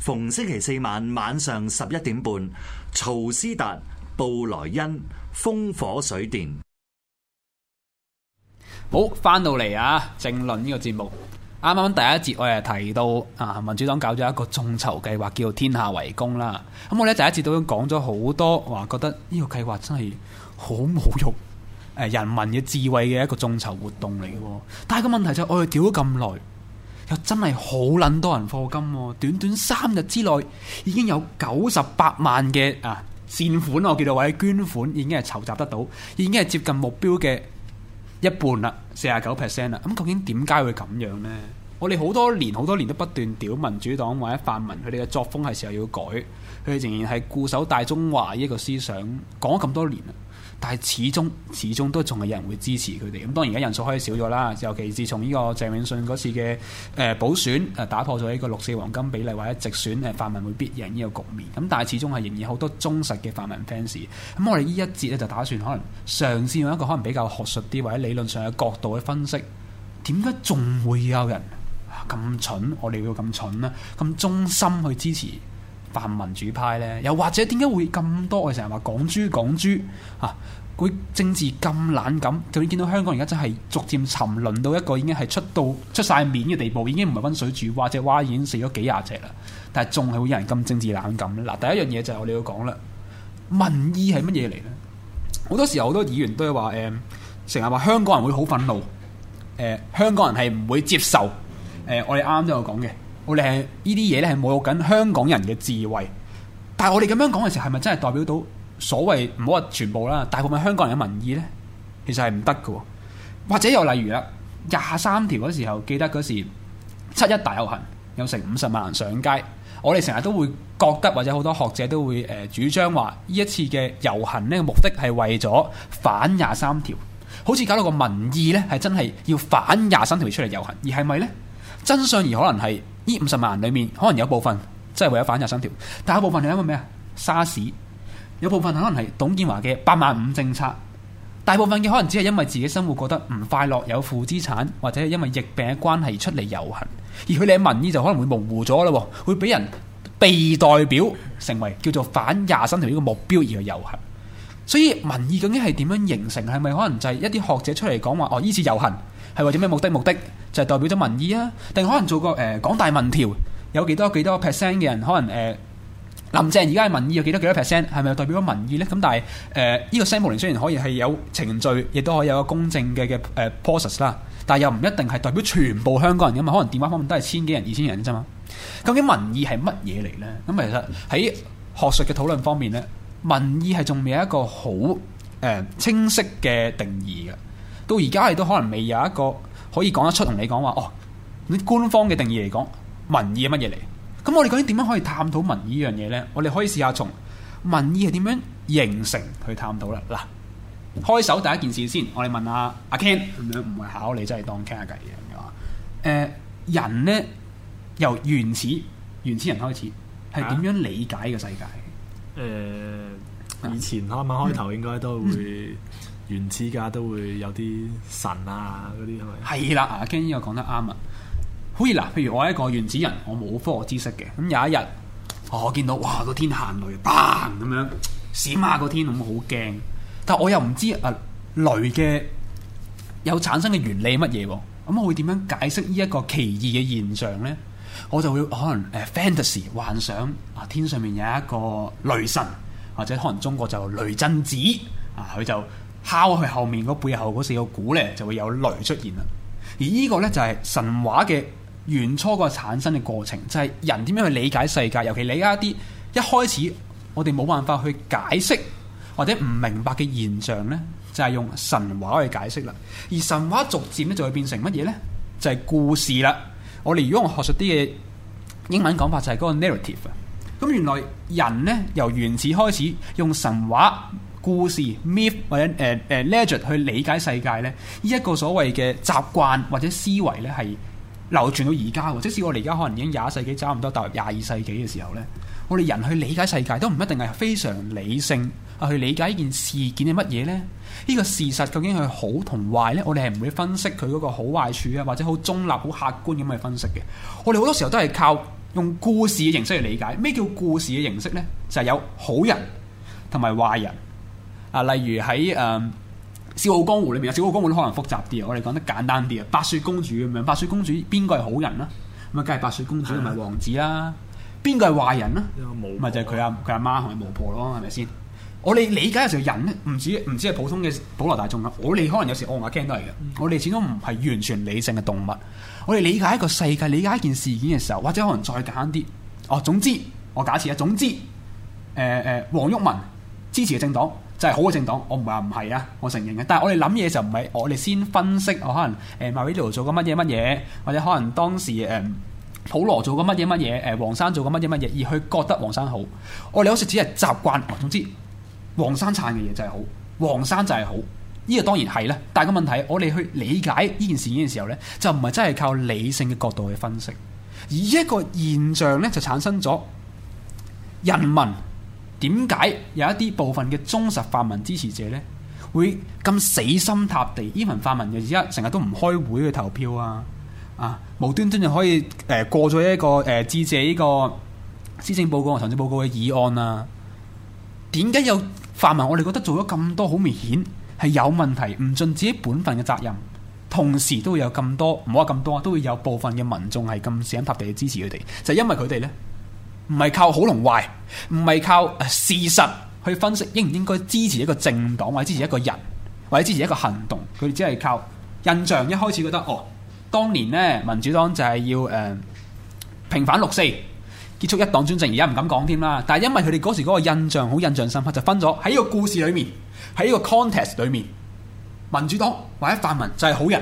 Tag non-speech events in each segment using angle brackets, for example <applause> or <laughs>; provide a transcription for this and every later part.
逢星期四晚晚上十一點半，曹斯達、布萊恩、烽火水電。好，翻到嚟啊，正論呢個節目。啱啱第一節我係提到啊，民主黨搞咗一個眾籌計劃，叫天下為公啦。咁我咧第一節都講咗好多，話覺得呢個計劃真係好侮辱誒人民嘅智慧嘅一個眾籌活動嚟嘅。但係個問題就我，我哋屌咗咁耐。又真係好捻多人課金，哦，短短三日之內已經有九十八萬嘅啊善款，我記得或者捐款，已經係籌集得到，已經係接近目標嘅一半啦，四十九 percent 啦。咁，嗯，究竟點解會咁樣呢？我哋好多年，好多年都不斷屌民主黨或者泛民，佢哋嘅作風係時候要改，佢哋仍然係固守大中華呢個思想，講咗咁多年但係始終始終都仲係有人會支持佢哋，咁當然而家人數可以少咗啦。尤其自從呢個鄭泳舜嗰次嘅誒、呃、補選誒打破咗呢個六四黃金比例或者直選誒泛民會必贏呢個局面，咁但係始終係仍然好多忠實嘅泛民 fans。咁我哋呢一節咧就打算可能嘗試用一個可能比較學術啲或者理論上嘅角度去分析，點解仲會有人咁、啊、蠢？我哋會咁蠢呢？咁忠心去支持泛民主派呢？又或者點解會咁多，我哋成日話港豬港豬啊？會政治咁冷感，就見到香港而家真係逐漸沉淪到一個已經係出到出晒面嘅地步，已經唔係温水煮蛙，隻蛙已經死咗幾廿隻啦。但係仲係會有人咁政治冷感咧。嗱，第一樣嘢就係我哋要講啦，民意係乜嘢嚟呢？好多時候好多議員都係話，誒、呃，成日話香港人會好憤怒，誒、呃，香港人係唔會接受，誒、呃，我哋啱都有講嘅，我哋係呢啲嘢咧係侮辱緊香港人嘅智慧。但係我哋咁樣講嘅時候，係咪真係代表到？所謂唔好話全部啦，大部分香港人嘅民意呢，其實係唔得嘅。或者又例如啊，廿三條嗰時候，記得嗰時七一大遊行有成五十萬人上街，我哋成日都會覺得或者好多學者都會誒、呃、主張話呢一次嘅遊行呢個目的係為咗反廿三條，好似搞到個民意呢，係真係要反廿三條出嚟遊行，而係咪呢？真相而可能係呢五十萬人裡面可能有部分真係為咗反廿三條，但係部分係因為咩啊？沙士。有部分可能係董建華嘅八萬五政策，大部分嘅可能只係因為自己生活覺得唔快樂，有負資產，或者係因為疫病嘅關係出嚟遊行，而佢哋嘅民意就可能會模糊咗啦，會俾人被代表成為叫做反廿三條呢個目標而去遊行。所以民意究竟係點樣形成？係咪可能就係一啲學者出嚟講話哦？呢次遊行係為咗咩目的目的？就係、是、代表咗民意啊？定可能做個誒港大民調，有幾多幾多 percent 嘅人可能誒？呃林鄭而家嘅民意有幾多幾多 percent，係咪代表咗民意呢？咁但係誒，依、呃這個 sampling 雖然可以係有程序，亦都可以有個公正嘅嘅誒 process 啦，但係又唔一定係代表全部香港人噶嘛。可能電話方面都係千幾人、二千人啫嘛。究竟民意係乜嘢嚟呢？咁、嗯、其實喺學術嘅討論方面呢，民意係仲未有一個好誒、呃、清晰嘅定義嘅。到而家係都可能未有一個可以講得出同你講話哦，官方嘅定義嚟講，民意係乜嘢嚟？咁我哋究竟點樣可以探討民意呢樣嘢咧？我哋可以試下從民意係點樣形成去探討啦。嗱、嗯，開首第一件事先，我哋問下阿 Ken，唔唔係考你真，真係當傾下偈嘅啊。誒，人咧由原始原始人開始，係點樣理解個世界？誒、嗯呃，以前啱啱開頭應該都會、嗯嗯、原始噶，都會有啲神啊嗰啲係咪？係啦，阿 Ken 呢個講得啱啊。好譬如我係一個原始人，我冇科學知識嘅。咁有一日、哦，我見到哇個天行雷 bang 咁樣閃下個天，咁好驚。但我又唔知啊雷嘅有產生嘅原理係乜嘢喎，咁、啊嗯、我會點樣解釋呢一個奇異嘅現象呢？我就會可能、啊、fantasy 幻想啊天上面有一個雷神，或者可能中國就雷震子啊，佢就敲佢後面個背後嗰四個鼓呢，就會有雷出現啦。而呢個呢，就係、是、神話嘅。原初個產生嘅過程，就係、是、人點樣去理解世界，尤其理解一啲一開始我哋冇辦法去解釋或者唔明白嘅現象呢，就係、是、用神話去解釋啦。而神話逐漸咧就會變成乜嘢呢？就係、是、故事啦。我哋如果我學術啲嘅英文講法就，就係嗰個 narrative 啊。咁原來人呢，由原始開始用神話故事 myth 或者誒誒、uh, uh, legend 去理解世界呢，呢、這、一個所謂嘅習慣或者思維呢係。流傳到而家喎，即使我哋而家可能已經廿世紀，差唔多踏入廿二世紀嘅時候呢，我哋人去理解世界都唔一定係非常理性啊去理解呢件事件係乜嘢呢。呢個事實究竟係好同壞呢？我哋係唔會分析佢嗰個好壞處啊，或者好中立、好客觀咁去分析嘅。我哋好多時候都係靠用故事嘅形式去理解。咩叫故事嘅形式呢？就係有好人同埋壞人啊，例如喺誒，嗯《笑傲江湖》裏面，《笑傲江湖》都可能複雜啲啊！我哋講得簡單啲啊，《白雪公主》咁樣，《白雪公主》邊個係好人啊？咁啊，梗係白雪公主同埋王子啦。邊個係壞人啊？冇，咪就係佢阿佢阿媽同埋巫婆咯，係咪先？我哋理解嘅時候，人咧唔止唔止係普通嘅普羅大眾啊。我哋可能有時我阿聽都係嘅。嗯、我哋始終唔係完全理性嘅動物。我哋理解一個世界、理解一件事件嘅時候，或者可能再簡單啲。哦，總之我假設啊，總之，誒、呃、誒、呃，黃毓民支持嘅政黨。就係好嘅政黨，我唔話唔係啊，我承認嘅、啊。但係我哋諗嘢就唔係我哋先分析，我可能誒、欸、Marino 做過乜嘢乜嘢，或者可能當時誒、嗯、普羅做過乜嘢乜嘢，誒黃生做過乜嘢乜嘢，而佢覺得黃生好。我哋好似只係習慣。總之黃生撐嘅嘢就係好，黃生就係好，呢、這個當然係啦。但係個問題，我哋去理解呢件事呢件事嘅時候咧，就唔係真係靠理性嘅角度去分析，而一個現象咧就產生咗人民。點解有一啲部分嘅忠實泛民支持者呢，會咁死心塌地？依份泛民就而家成日都唔開會去投票啊！啊，無端端就可以誒、呃、過咗一個誒、呃、致謝依個施政報告同行政報告嘅議案啊！點解有泛民？我哋覺得做咗咁多，好明顯係有問題，唔盡自己本分嘅責任，同時都會有咁多，唔好話咁多啊，都會有部分嘅民眾係咁死心塌地去支持佢哋，就係、因為佢哋呢。唔係靠好同壞，唔係靠事實去分析應唔應該支持一個政黨，或者支持一個人，或者支持一個行動。佢哋只係靠印象，一開始覺得哦，當年呢，民主黨就係要誒、呃、平反六四，結束一黨專政，而家唔敢講添啦。但係因為佢哋嗰時嗰個印象好印象深刻，就分咗喺一個故事裏面，喺一個 context 裏面，民主黨或者泛民就係好人，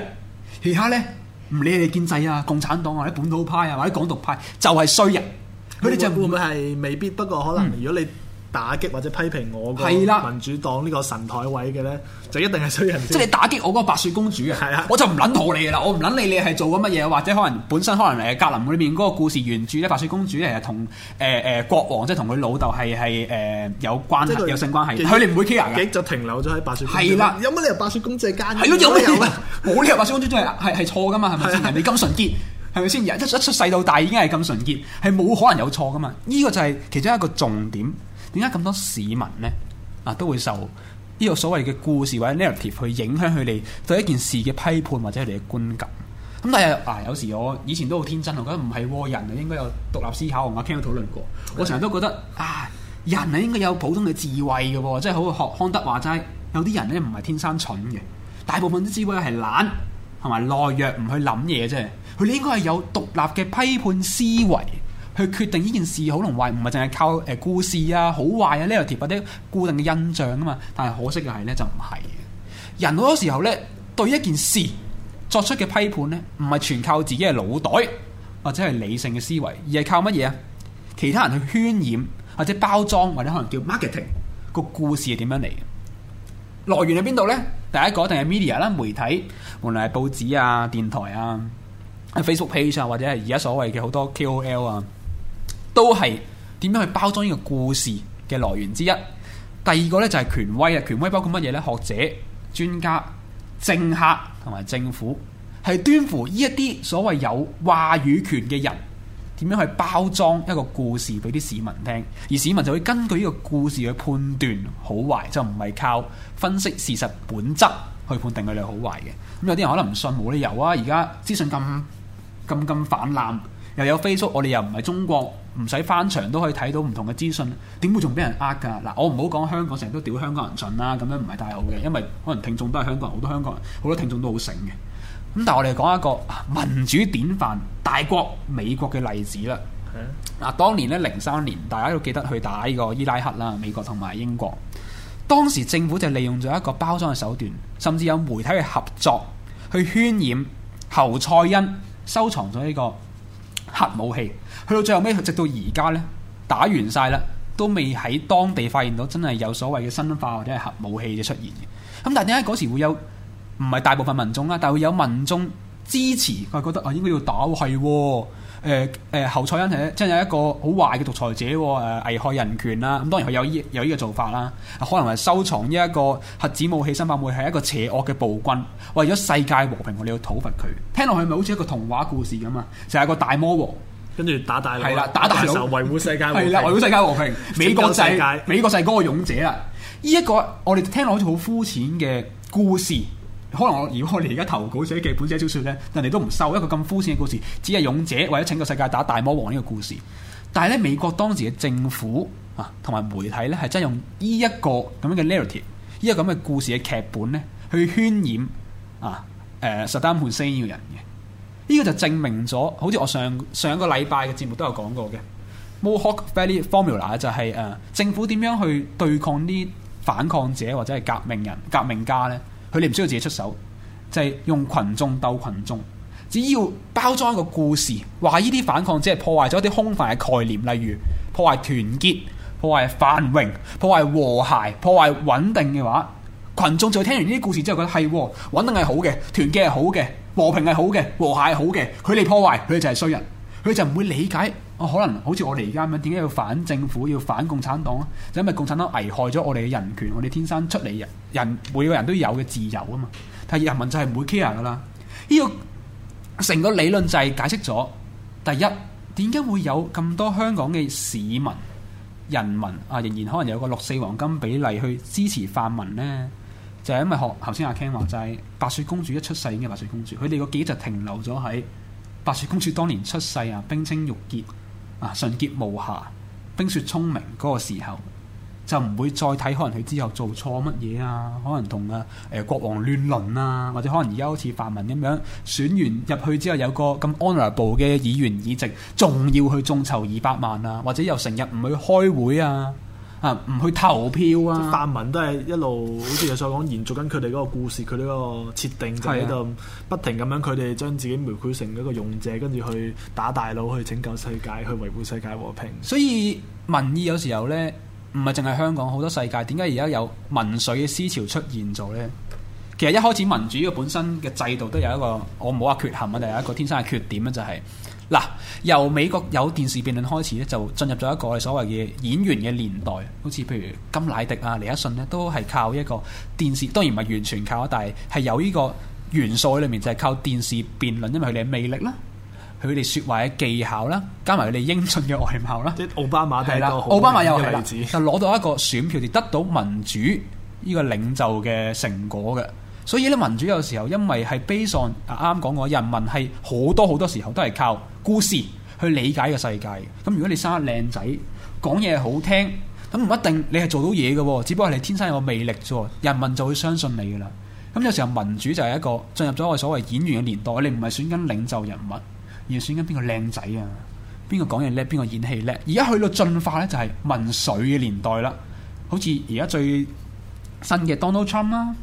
其他呢，唔理你建制啊、共產黨、啊、或者本土派啊，或者港獨派就係衰人。佢哋就會唔會係未必？不過可能，如果你打擊或者批評我個民主黨呢個神台位嘅咧，就一定係衰人。即係你打擊我個白雪公主嘅，我就唔撚戇你啦！我唔撚你，你係做緊乜嘢，或者可能本身可能誒格林裏面嗰個故事原著咧，白雪公主咧係同誒誒國王即係同佢老豆係係誒有關嘅，有性關係。佢哋唔會 care 嘅。就停留咗喺白雪。係啦。有乜理由白雪公主係奸？係咯，有乜理由？冇理由白雪公主都係係係錯噶嘛？係咪你人哋咁純潔。係咪先一出世到大已經係咁純潔，係冇可能有錯噶嘛？呢、這個就係其中一個重點。點解咁多市民咧啊都會受呢個所謂嘅故事或者 narrative 去影響佢哋對一件事嘅批判或者佢哋嘅觀感？咁、嗯、但係啊，有時我以前都好天真，我覺得唔係喎，人啊應該有獨立思考。我聽佢討論過，我成日都覺得啊，人啊應該有普通嘅智慧噶、哦，即係好學康德話齋，有啲人咧唔係天生蠢嘅，大部分啲智慧係懶。係咪懦弱唔去諗嘢啫？佢哋應該係有獨立嘅批判思維去決定呢件事好同壞，唔係淨係靠誒故事啊好壞啊呢 a r 或者固定嘅印象啊嘛。但係可惜嘅係咧就唔係嘅。人好多時候咧對一件事作出嘅批判咧，唔係全靠自己嘅腦袋或者係理性嘅思維，而係靠乜嘢啊？其他人去渲染或者包裝或者可能叫 marketing 個故事係點樣嚟嘅？來源喺邊度咧？第一個定係 media 啦，med ia，媒體，無論係報紙啊、電台啊、喺 Facebook page 上、啊，或者係而家所謂嘅好多 KOL 啊，都係點樣去包裝呢個故事嘅來源之一。第二個呢，就係、是、權威啊，權威包括乜嘢呢？學者、專家、政客同埋政府，係端乎呢一啲所謂有話語權嘅人。點樣去包裝一個故事俾啲市民聽？而市民就會根據呢個故事去判斷好壞，就唔係靠分析事實本質去判定佢哋好壞嘅。咁、嗯、有啲人可能唔信，冇理由啊！而家資訊咁咁咁氾濫，又有 Facebook，我哋又唔係中國，唔使翻牆都可以睇到唔同嘅資訊，點會仲俾人呃㗎？嗱，我唔好講香港成日都屌香港人蠢啦，咁樣唔係太好嘅，因為可能聽眾都係香港人，好多香港人，好多聽眾都好醒嘅。咁但係我哋講一個民主典範大國美國嘅例子啦。嗱，當年咧零三年，大家都記得去打呢個伊拉克啦，美國同埋英國。當時政府就利用咗一個包裝嘅手段，甚至有媒體嘅合作去渲染侯賽因收藏咗呢個核武器。去到最後尾，直到而家呢，打完晒啦，都未喺當地發現到真係有所謂嘅生化或者係核武器嘅出現嘅。咁但係點解嗰時會有？唔係大部分民眾啦，但會有民眾支持佢覺得啊，應該要打係誒誒侯賽因係真係一個好壞嘅獨裁者，誒、呃、危害人權啦。咁當然佢有呢有依個做法啦、啊。可能係收藏呢一個核子武器新發會係一個邪惡嘅暴君，為咗世界和平，我哋要討伐佢。聽落去咪好似一個童話故事咁啊，就係一個大魔王跟住打大佬，係啦，打大佬維護世界係啦，維護 <laughs> 世界和平。美國製、就係、美國製、就、嗰、係、個勇者啊。呢、這、一個我哋聽落好似好膚淺嘅故事。可能我，如果我哋而家投稿寫劇本寫小説咧，人哋都唔受一個咁膚淺嘅故事，只係勇者為咗拯救世界打大魔王呢個故事。但係咧，美國當時嘅政府啊，同埋媒體咧，係真係用呢一個咁樣嘅 narrative，呢個咁嘅故事嘅劇本咧，去渲染啊，誒、呃、，Saddam Hussein 呢個人嘅。呢、這個就證明咗，好似我上上個禮拜嘅節目都有講過嘅，Mohawk Valley Formula 就係、是、誒、啊、政府點樣去對抗啲反抗者或者係革命人、革命家咧。佢哋唔需要自己出手，就係用群眾鬥群眾。只要包裝一個故事，話呢啲反抗只係破壞咗啲空泛嘅概念，例如破壞團結、破壞繁榮、破壞和諧、破壞穩定嘅話，群眾就聽完呢啲故事之後，覺得係穩定係好嘅，團結係好嘅，和平係好嘅，和諧係好嘅，佢哋破壞，佢哋就係衰人，佢哋就唔會理解。可能好似我哋而家咁樣，點解要反政府、要反共產黨啊？就因為共產黨危害咗我哋嘅人權，我哋天生出嚟人，人每個人都有嘅自由啊嘛！但係人民就係唔會 care 噶啦。呢個成個理論就係解釋咗第一，點解會有咁多香港嘅市民人民啊，仍然可能有個六四黃金比例去支持泛民呢？就係因為學頭先阿 Ken 話就係白雪公主一出世已經係白雪公主，佢哋個記憶就停留咗喺白雪公主當年出世啊，冰清玉潔。啊！純潔無瑕、冰雪聰明嗰個時候，就唔會再睇可能佢之後做錯乜嘢啊，可能同啊誒國王亂倫啊，或者可能而家好似泛民咁樣選完入去之後有個咁 honorable 嘅議員議席，仲要去眾籌二百萬啊，或者又成日唔去開會啊，啊！唔去投票啊！泛民都係一路，好似你所講，延續緊佢哋嗰個故事，佢呢個設定、啊、就喺度不停咁樣，佢哋將自己描繪成一個勇者，跟住去打大佬，去拯救世界，去維護世界和平。所以民意有時候呢，唔係淨係香港，好多世界點解而家有民粹嘅思潮出現咗呢？其實一開始民主嘅本身嘅制度都有一個，我唔好話缺陷啊，定、就、有、係、一個天生嘅缺點啊、就係，就係。嗱，由美國有電視辯論開始咧，就進入咗一個所謂嘅演員嘅年代。好似譬如金乃迪啊、尼克遜咧，都係靠一個電視，當然唔係完全靠，但係係有呢個元素喺裏面，就係靠電視辯論，因為佢哋嘅魅力啦，佢哋説話嘅技巧啦，加埋佢哋英俊嘅外貌啦。即係奧巴馬係一個好嘅例子，奧巴馬又係啦， <laughs> 就攞到一個選票，就得到民主呢個領袖嘅成果嘅。所以咧，民主有時候因為係 base on，啊啱啱講過，人民係好多好多時候都係靠故事去理解個世界嘅。咁如果你生得靚仔，講嘢好聽，咁唔一定你係做到嘢嘅喎，只不過係你天生有個魅力啫、哦。人民就會相信你噶啦。咁有時候民主就係一個進入咗個所謂演員嘅年代，你唔係選緊領袖人物，而係選緊邊個靚仔啊，邊個講嘢叻，邊個演戲叻。而家去到進化呢，就係民粹嘅年代啦。好似而家最新嘅 Donald Trump 啦。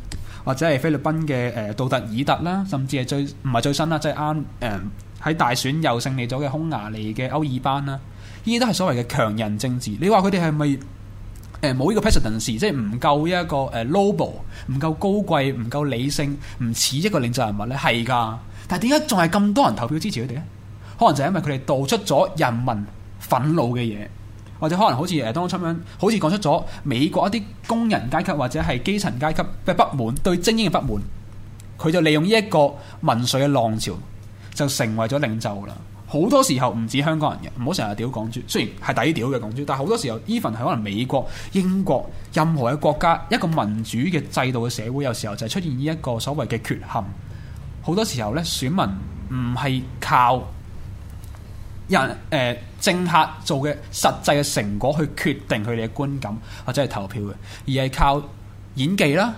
或者係菲律賓嘅誒杜特爾特啦，甚至係最唔係最新啦，即係啱誒喺大選又勝利咗嘅匈牙利嘅歐爾班啦，呢啲都係所謂嘅強人政治。你話佢哋係咪誒冇呢個 presidency，即係唔夠一個誒 noble，唔夠高貴，唔夠理性，唔似一個領袖人物咧？係㗎，但係點解仲係咁多人投票支持佢哋咧？可能就係因為佢哋道出咗人民憤怒嘅嘢。或者可能好似誒當初咁樣，好似講出咗美國一啲工人階級或者係基層階級嘅不滿，對精英嘅不滿，佢就利用呢一個民粹嘅浪潮，就成為咗領袖啦。好多時候唔止香港人嘅，唔好成日屌港豬，雖然係抵屌嘅港豬，但係好多時候 even 係可能美國、英國任何一個國家一個民主嘅制度嘅社會，有時候就係出現呢一個所謂嘅缺陷。好多時候呢選民唔係靠人誒、呃、政客做嘅實際嘅成果去決定佢哋嘅觀感或者係投票嘅，而係靠演技啦、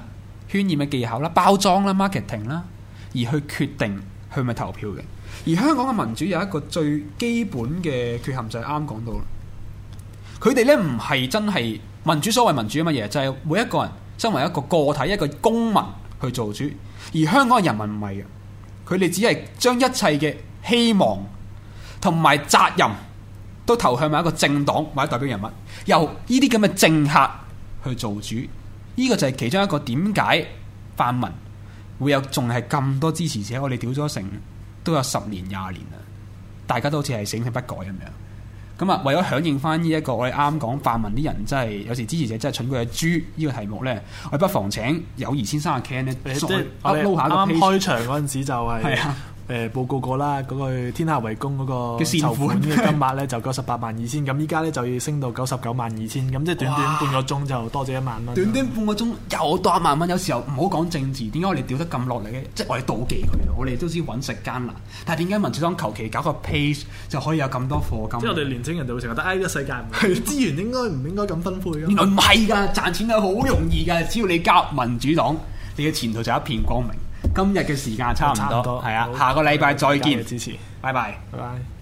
渲染嘅技巧啦、包裝啦、marketing 啦，而去決定去咪投票嘅。而香港嘅民主有一個最基本嘅缺陷就係啱講到啦，佢哋咧，唔係真係民主所謂民主嘅乜嘢，就係、是、每一個人身為一個個體一個公民去做主，而香港嘅人民唔係嘅，佢哋只係將一切嘅希望。同埋責任都投向埋一個政黨或者代表人物，由呢啲咁嘅政客去做主，呢、這個就係其中一個點解泛民會有仲係咁多支持者？我哋屌咗成都有十年廿年啦，大家都好似係死性不改咁樣。咁啊、嗯，為咗響應返呢一個我哋啱講泛民啲人真係有時支持者真係蠢過隻豬呢、這個題目呢，我哋不妨請友誼先生阿 Ken 呢，即係我哋開場嗰陣時就係。 <laughs> 誒報告過啦，嗰個天下為公嗰個籌款嘅金額咧就九十八萬二千，咁依家咧就要升到九十九萬二千，咁即係短短半個鐘就多咗一萬蚊。短短半個鐘又多一萬蚊，有時候唔好講政治，點解我哋屌得咁落嚟嘅？即係我哋妒忌佢，我哋都知揾食艱難，但係點解民主黨求其搞個 page 就可以有咁多課金？即係我哋年青人就會成日覺得，唉，呢個世界資源應該唔應該咁分配咁？原來唔係㗎，賺錢係好容易㗎，只要你加入民主黨，你嘅前途就一片光明。今日嘅時間差唔多，係啊，下個禮拜再見，支持，拜拜，拜拜。拜拜。